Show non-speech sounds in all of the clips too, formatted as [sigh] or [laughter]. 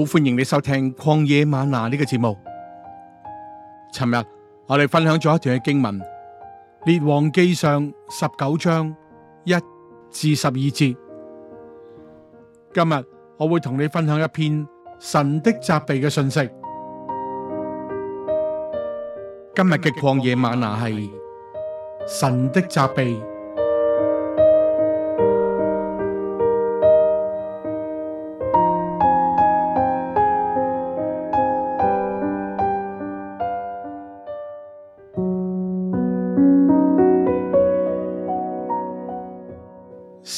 好，歡迎你收聽曠野嗎哪呢個節目。尋日我哋分享咗一段嘅經文《列王記上》十九章一至十二節。今日我會同你分享一篇神的責備嘅信息。今日嘅曠野嗎哪係神的責備。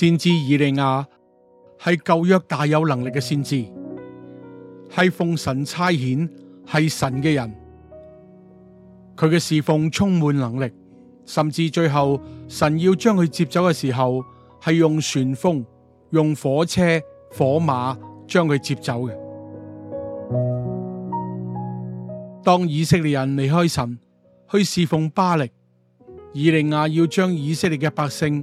先知以利亞係舊約大有能力嘅先知，係奉神差遣，係神嘅人。佢嘅侍奉充滿能力，甚至最後神要將佢接走嘅時候，係用旋風、用火車、火馬將佢接走嘅。當以色列人離開神去侍奉巴力，以利亞要將以色列嘅百姓，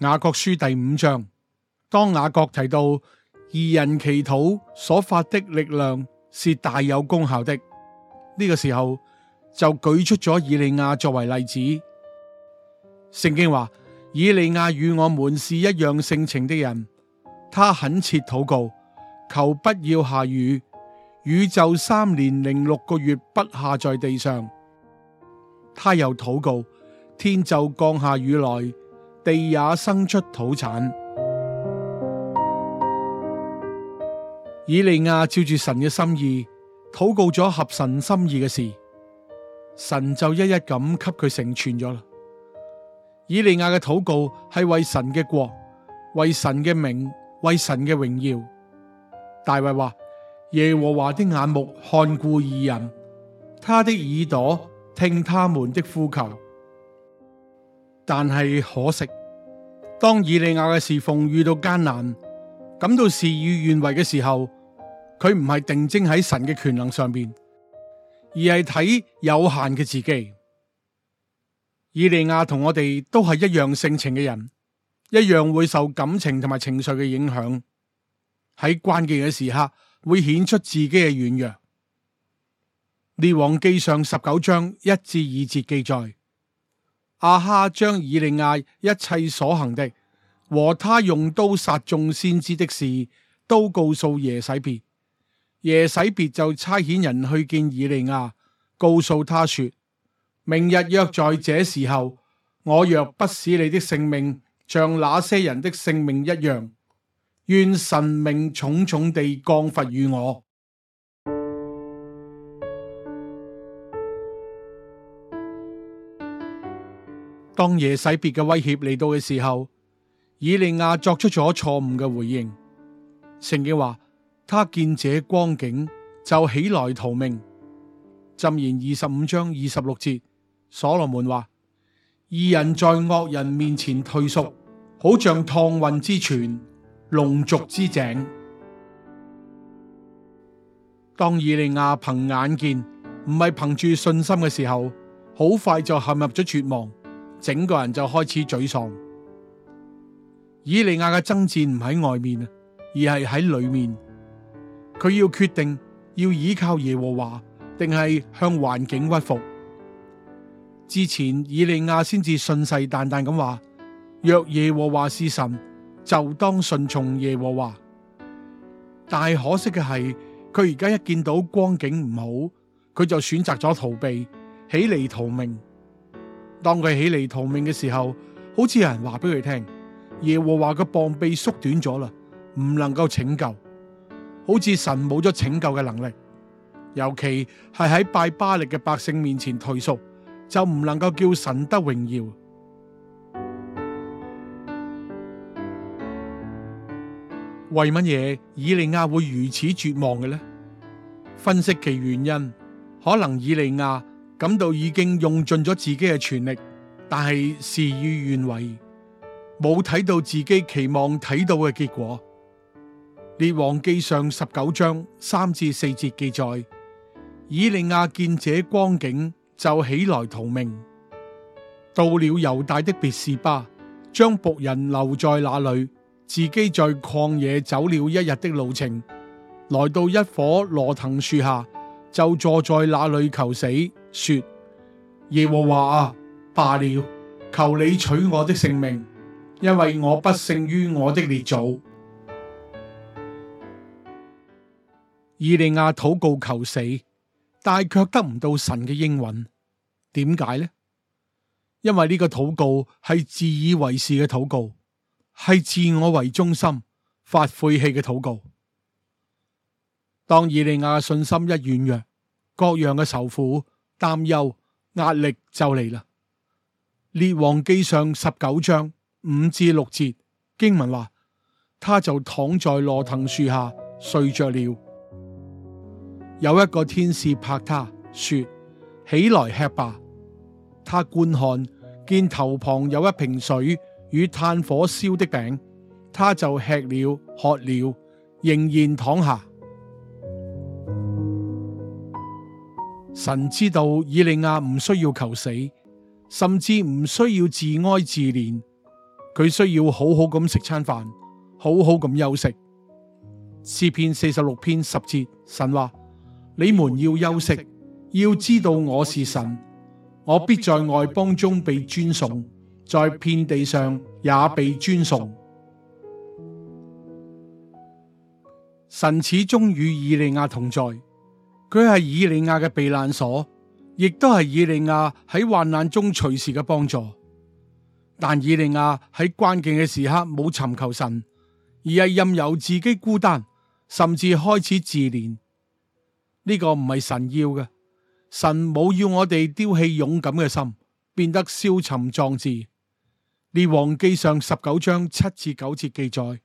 雅各書第五章，當雅各提到義人祈禱所發的力量是大有功效的呢個時候，就舉出咗以利亞作為例子。聖經話：以利亞與我們是一樣性情的人，他懇切禱告，求不要下雨，雨就三年零六個月不下在地上；他又禱告，天就降下雨來。地也生出土產。以利亞照住神嘅心意禱告咗合神心意嘅事，神就一一咁給佢成全咗啦。以利亞嘅禱告係為神嘅國，為神嘅名，為神嘅榮耀。大衛話：耶和華的眼目看顧義人，他的耳朵聽他們的呼求。但係可惜，當以利亞嘅侍奉，遇到艱難，感到事與願違嘅時候，佢唔係定睛喺神嘅權能上邊，而係睇有限嘅自己。以利亞同我哋都係一樣性情嘅人，一樣會受感情同埋情緒嘅影響，喺關鍵嘅時刻會顯出自己嘅軟弱。列王記上十九章一至二節記載。阿哈將以利亞一切所行的和他用刀殺眾先知的事，都告訴耶洗別。耶洗別就差遣人去見以利亞，告訴他說：明日約在這時候，我若不使你的性命，像那些人的性命一樣，願神命重重地降罰與我。當耶洗別嘅威脅嚟到嘅時候，以利亞作出咗錯誤嘅回應。聖經話，他見這光景就起來逃命。箴言二十五章二十六節，所羅門話：義人在惡人面前退縮，好像趟渾之泉、弄濁之井。當以利亞憑眼見，唔係憑住信心嘅時候，好快就陷入咗絕望。整個人就開始沮喪。以利亞嘅爭戰唔喺外面，而係喺裏面。佢要決定要依靠耶和華，定係向環境屈服。之前以利亞先至信誓旦旦咁話：若耶和華是神，就當順從耶和華。但係可惜嘅係，佢而家一見到光景唔好，佢就選擇咗逃避，起嚟逃命。當佢起嚟逃命嘅時候，好似有人話俾佢聽，耶和華嘅膀臂縮短咗啦，唔能夠拯救，好似神冇咗拯救嘅能力。尤其係喺拜巴力嘅百姓面前退縮，就唔能夠叫神得榮耀。為乜嘢以利亞會如此絕望嘅呢？分析其原因，可能以利亞。感到已經用盡咗自己嘅全力，但係事與願違，冇睇到自己期望睇到嘅結果。列王記上十九章三至四節記載，以利亞見這光景，就起來逃命，到了猶大的別是巴，將僕人留在那裏，自己在曠野走了一日的路程，來到一棵羅藤樹下，就坐在那裏求死。說耶和華啊，罷了，求你取我的性命，因為我不勝於我的列祖。以利亞禱告求死，但係卻得唔到神嘅應允，點解呢？因為呢個禱告係自以為是嘅禱告，係自我為中心發晦氣嘅禱告。當以利亞信心一軟弱，各樣嘅仇苦。擔憂壓力就嚟啦，《列王記上》十九章五至六節經文話，他就躺在羅騰樹下睡着了。有一個天使拍他，說：起來吃吧。他觀看，見頭旁有一瓶水與炭火燒的餅，他就吃了喝了，仍然躺下。神知道以利亞唔需要求死，甚至唔需要自哀自憐，佢需要好好咁食餐飯，好好咁休息。詩篇四十六篇十節，神話：你們要休息，要知道我是神，我必在外邦中被尊崇，在遍地上也被尊崇。神始終與以利亞同在。佢係以利亞嘅避難所，亦都係以利亞喺患難中隨時嘅幫助。但以利亞喺關鍵嘅時刻冇尋求神，而係任由自己孤單，甚至開始自憐。呢個唔係神要嘅，神冇要我哋丟棄勇敢嘅心，變得消沉壯志。列王記上十九章七至九節記載，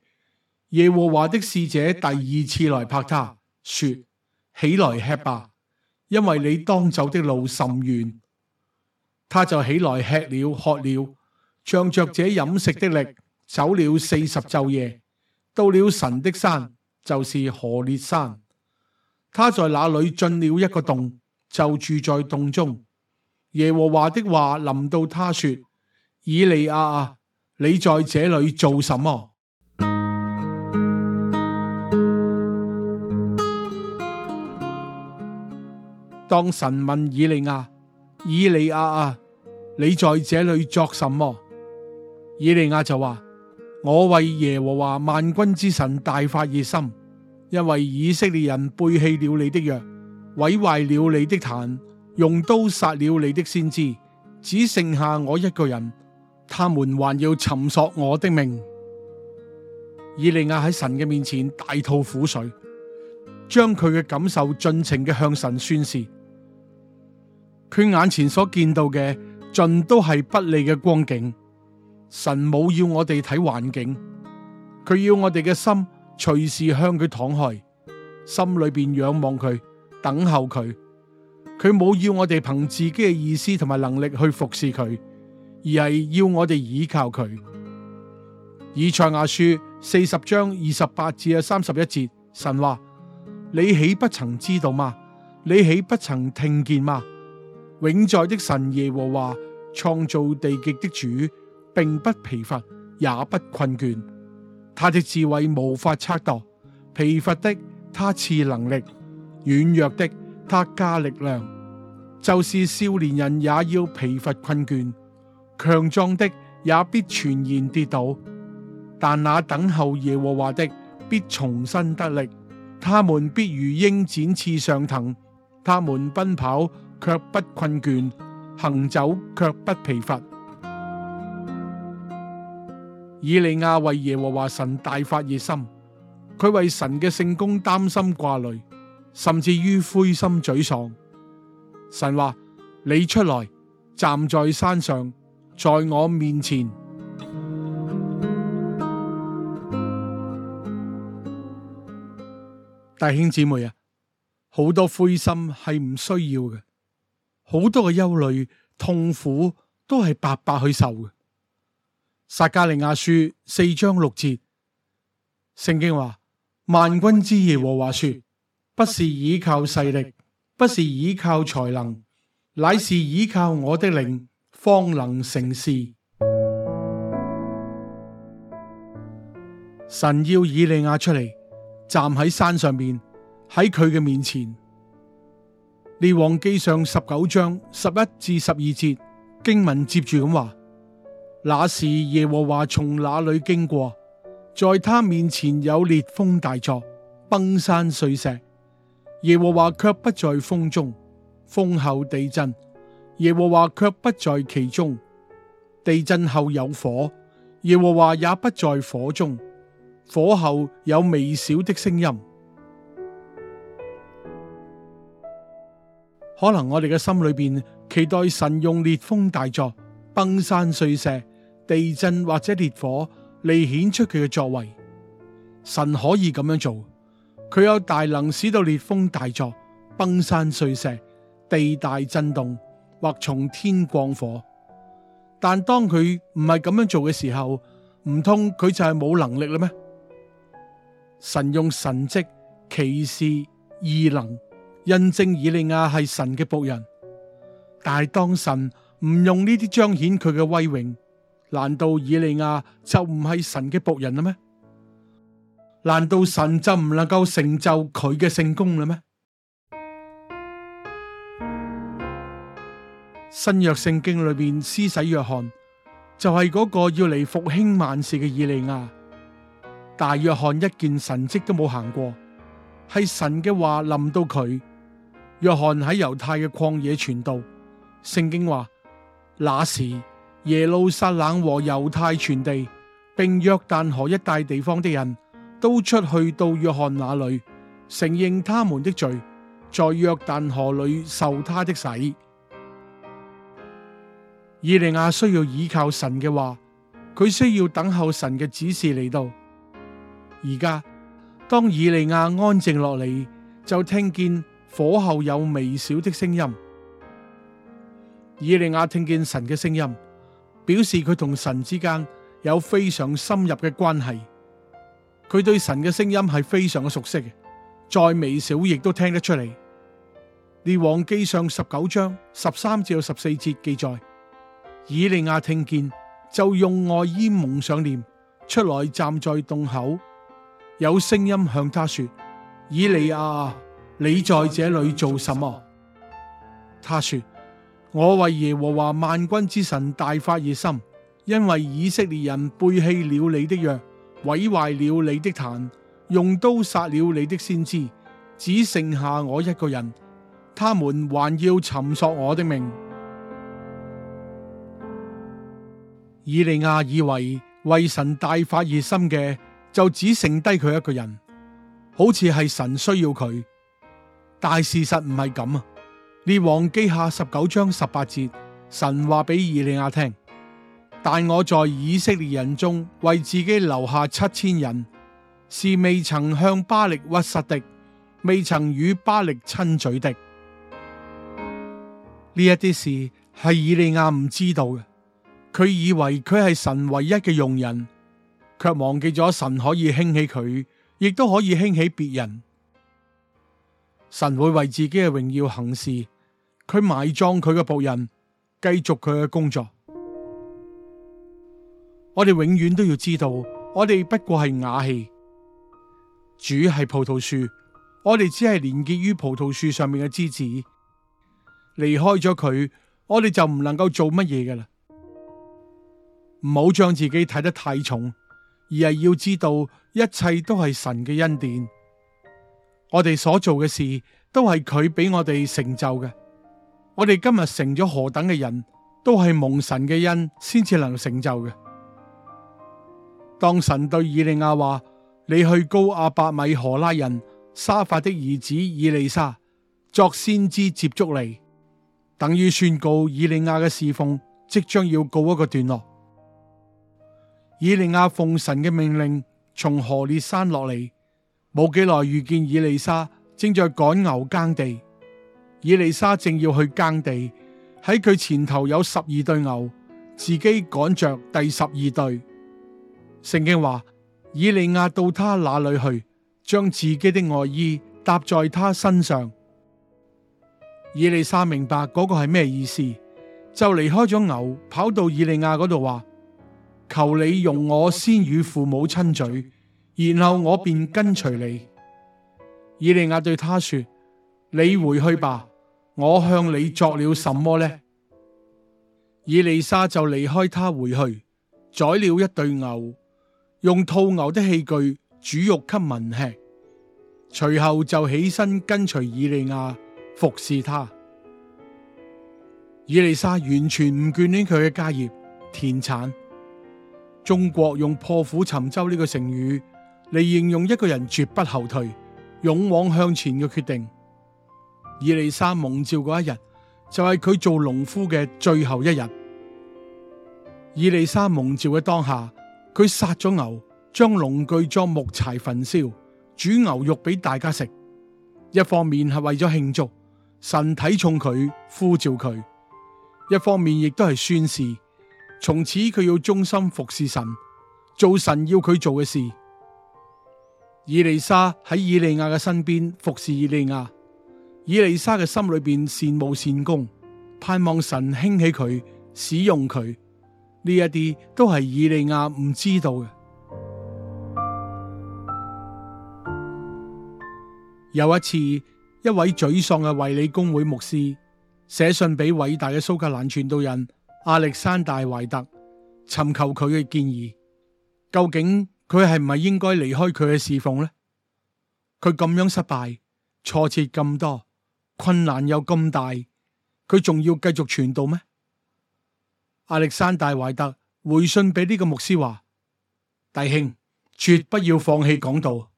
耶和華的使者第二次來拍他說。起來吃吧，因為你當走的路甚遠。他就起來吃了喝了，仗着這飲食的力，走了四十晝夜，到了神的山，就是何烈山。他在那裏進了一個洞，就住在洞中。耶和華的話臨到他說：以利亞啊，你在這裏做什麼？當神問以利亞，以利亞啊，你在這裏作什麼？以利亞就話：我為耶和華萬軍之神大發熱心，因為以色列人背棄了你的約，毀壞了你的壇，用刀殺了你的先知，只剩下我一個人，他們還要尋索我的命。以利亞喺神嘅面前大吐苦水，將佢嘅感受盡情嘅向神宣示。佢眼前所見到嘅盡都係不利嘅光景，神冇要我哋睇環境，佢要我哋嘅心隨時向佢躺去，心裏面仰望佢，等候佢。佢冇要我哋憑自己嘅意思同埋能力去服侍佢，而係要我哋依靠佢。以賽亞書四十章二十八至啊三十一節，神話：你豈不曾知道嗎？你豈不曾聽見嗎？永在的神耶和華，創造地極的主，並不疲乏也不困倦。他的智慧無法測度，疲乏的他賜能力，軟弱的他加力量。就是少年人也要疲乏困倦，強壯的也必全然跌倒。但那等候耶和華的必重新得力，他們必如鷹展翅上騰，他們奔跑，卻不困倦，行走卻不疲乏。以利亞為耶和華神大發熱心，佢為神嘅聖工擔心掛慮，甚至於灰心沮喪。神話你出來，站在山上，在我面前。弟 [noise] 兄姊妹啊，好多灰心係唔需要嘅。好多嘅憂慮、痛苦都係白白去受嘅。撒迦利亞書四章六節，聖經話：萬軍之耶和華說，不是倚靠勢力，不是倚靠才能，乃是倚靠我的靈，方能成事。神要以利亞出嚟，站喺山上面，喺佢嘅面前。列王記上十九章十一至十二節經文接住咁話：那時耶和華從那裏經過，在他面前有烈風大作，崩山碎石。耶和華卻不在風中；風後地震，耶和華卻不在其中；地震後有火，耶和華也不在火中；火後有微小的聲音。可能我哋嘅心裏邊期待神用烈風大作、崩山碎石、地震或者烈火嚟顯出佢嘅作為。神可以咁樣做，佢有大能，使到烈風大作、崩山碎石、地大震動或從天降火。但當佢唔係咁樣做嘅時候，唔通佢就係冇能力啦咩？神用神蹟、奇事、異能。印證以利亞係神嘅僕人，但係當神唔用呢啲彰顯佢嘅威榮，難道以利亞就唔係神嘅僕人啦咩？難道神就唔能夠成就佢嘅成功啦咩？新約聖經裡面施洗約翰就係嗰個要嚟復興萬事嘅以利亞，大約翰一件神跡都冇行過，係神嘅話臨到佢。約翰喺猶太嘅曠野傳道，聖經話那時耶路撒冷和猶太全地，並約旦河一帶地方的人都出去到約翰那裏，承認他們的罪，在約旦河裏受他的洗。以利亞需要依靠神嘅話，佢需要等候神嘅指示嚟。到。而家當以利亞安靜落嚟，就聽見。火後有微小的聲音，以利亞聽見神嘅聲音，表示佢同神之間有非常深入嘅關係。佢對神嘅聲音係非常嘅熟悉嘅，再微小亦都聽得出嚟。列王記上十九章十三至十四節記載，以利亞聽見就用外衣蒙上臉，出來站在洞口，有聲音向他說：以利亞。你在這裏做什麼？他說：我為耶和華萬軍之神大發熱心，因為以色列人背棄了你的約，毀壞了你的壇，用刀殺了你的先知，只剩下我一個人。他們還要尋索我的命。以利亞以為為神大發熱心嘅，就只剩低佢一個人，好似係神需要佢。但事實唔係咁啊！列王紀上十九章十八節，神話俾以利亞聽：但我在以色列人中為自己留下七千人，是未曾向巴力屈膝的，未曾與巴力親嘴的。呢一啲事係以利亞唔知道嘅，佢以為佢係神唯一嘅用人，卻忘記咗神可以興起佢，亦都可以興起別人。神會為自己嘅榮耀行事，佢埋葬佢嘅僕人，繼續佢嘅工作。我哋永遠都要知道，我哋不過係瓦器，主係葡萄樹，我哋只係連結於葡萄樹上面嘅枝子。離開咗佢，我哋就唔能夠做乜嘢㗎喇。唔好將自己睇得太重，而係要知道，一切都係神嘅恩典。我哋所做嘅事都係佢俾我哋成就嘅。我哋今日成咗何等嘅人，都係蒙神嘅恩先至能成就嘅。當神對以利亞話：你去高膏阿伯米荷拉人沙法的兒子以利沙作先知接續你，等於宣告以利亞嘅侍奉即將要告一個段落。以利亞奉神嘅命令從何烈山落嚟。冇幾耐遇見以利沙正在趕牛耕地。以利沙正要去耕地，喺佢前頭有十二對牛，自己趕着第十二對。聖經話，以利亞到他那裏去，將自己的外衣搭在他身上。以利沙明白嗰個係咩意思，就離開咗牛，跑到以利亞嗰度話：求你容我先與父母親嘴。然後我便跟隨你。以利亞對他說：你回去吧。我向你作了什麼呢？以利沙就離開他回去，宰了一對牛，用套牛的器具煮肉給民吃。隨後就起身跟隨以利亞服侍他。以利沙完全唔眷戀佢嘅家業田產。中國用破釜沉舟呢個成語。嚟形容一個人絕不後退、勇往向前嘅決定。以利沙蒙召嗰一日就係、是、佢做農夫嘅最後一日。以利沙蒙召嘅當下，佢殺咗牛，將農具裝木柴焚燒，煮牛肉俾大家食。一方面係為咗慶祝神體重佢呼召佢，一方面亦都係宣示從此佢要忠心服侍神，做神要佢做嘅事。以利沙喺以利亞嘅身邊服侍以利亞，以利沙嘅心裏面羨慕善功，盼望神興起佢使用佢，呢一啲都係以利亞唔知道嘅。 [music] 有一次，一位沮喪嘅衛理公會牧師寫信俾偉大嘅蘇格蘭傳道人亞歷山大懷特，尋求佢嘅建議，究竟，佢係唔係應該離開佢嘅侍奉呢？佢咁樣失敗，挫折咁多，困難又咁大，佢仲要繼續傳道咩？亞歷山大懷特回信俾呢個牧師話：弟兄，絕不要放棄講道，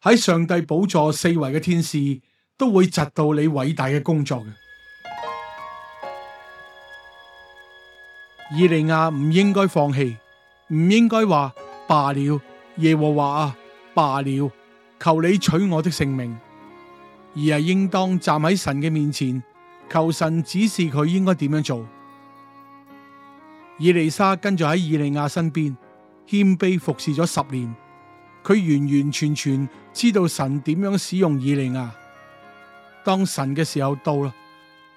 喺上帝寶座四圍嘅天使都會窒到你偉大嘅工作嘅。以利亞唔應該放棄，唔應該話。罷了，耶和華啊，罷了，求你取我的性命。而係應當站喺神嘅面前，求神指示佢應該點樣做。以利沙跟住喺以利亞身邊，謙卑服侍咗十年，佢完完全全知道神點樣使用以利亞。當神嘅時候到啦，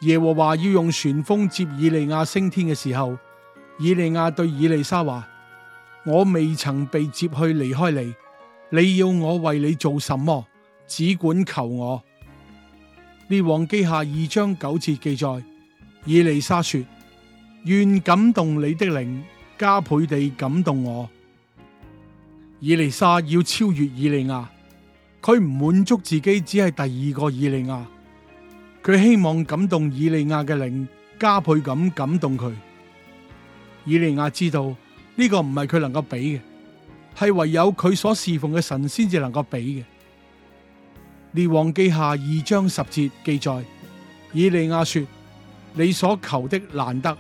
耶和華要用旋風接以利亞升天嘅時候，以利亞對以利沙話。我未曾被接去離開你，你要我為你做什麼？只管求我。列王紀下二章九節記載，以利沙說：願感動你的靈加倍地感動我。以利沙要超越以利亞，佢唔滿足自己，只係第二個以利亞。佢希望感動以利亞嘅靈加倍咁感動佢。以利亞知道。呢個唔係佢能夠俾嘅，係唯有佢所侍奉嘅神先至能夠俾嘅。列王記下二章十節記載，以利亞說：你所求的難得，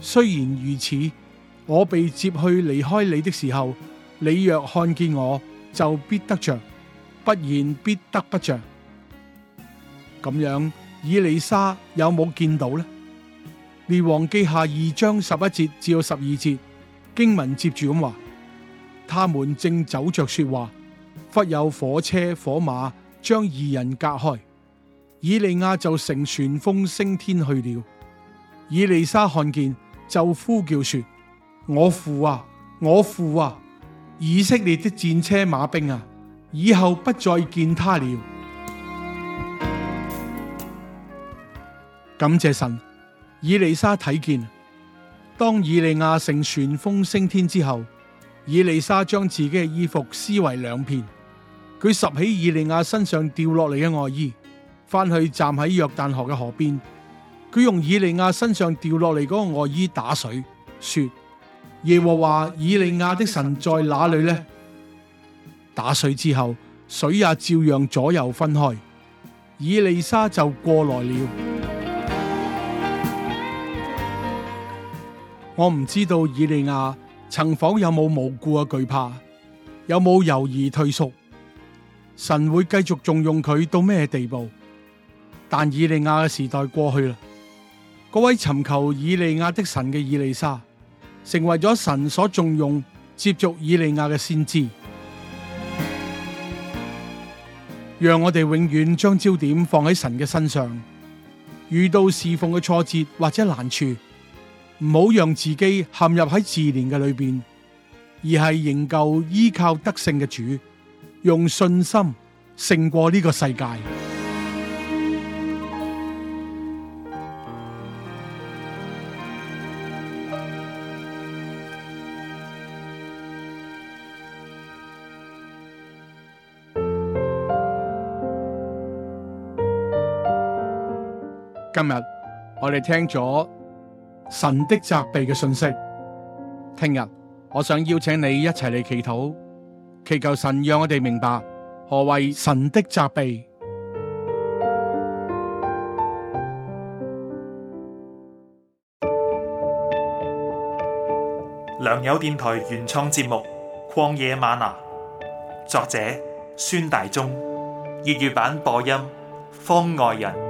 雖然如此，我被接去離開你的時候，你若看見我，就必得着；不然，必得不着。咁樣，以利沙有冇見到呢？列王記下二章十一節至到十二節。經文接住咁話，他們正走着說話，忽有火車火馬將二人隔開，以利亞就乘旋風升天去了。以利沙看見就呼叫說：我父啊，我父啊，以色列的戰車馬兵啊，以後不再見他了。感謝神，以利沙睇見。當以利亞乘旋風升天之後，以利沙將自己嘅衣服撕為兩片。佢拾起以利亞身上掉落嚟嘅外衣，翻去站喺約旦河嘅河邊。佢用以利亞身上掉落嚟嗰個外衣打水，說：耶和華，以利亞的神在哪裏呢？打水之後，水也照樣左右分開。以利沙就過來了。我唔知道以利亞曾否有冇無故嘅懼怕，有冇猶豫退縮？神會繼續重用佢到咩地步？但以利亞嘅時代過去啦。嗰位尋求以利亞的神嘅以利沙，成為咗神所重用、接續以利亞嘅先知。讓我哋永遠將焦點放喺神嘅身上。遇到侍奉嘅挫折或者難處，唔好讓自己陷入喺自憐嘅裏邊，而係仍舊依靠得勝嘅主，用信心勝過呢個世界。今日我哋聽咗。神的責備嘅信息，聽日我想邀請你一齊嚟祈禱，祈求神讓我哋明白何謂神的責備。良友電台原創節目《曠野嗎哪》，作者孫大中，粵語版播音方外人。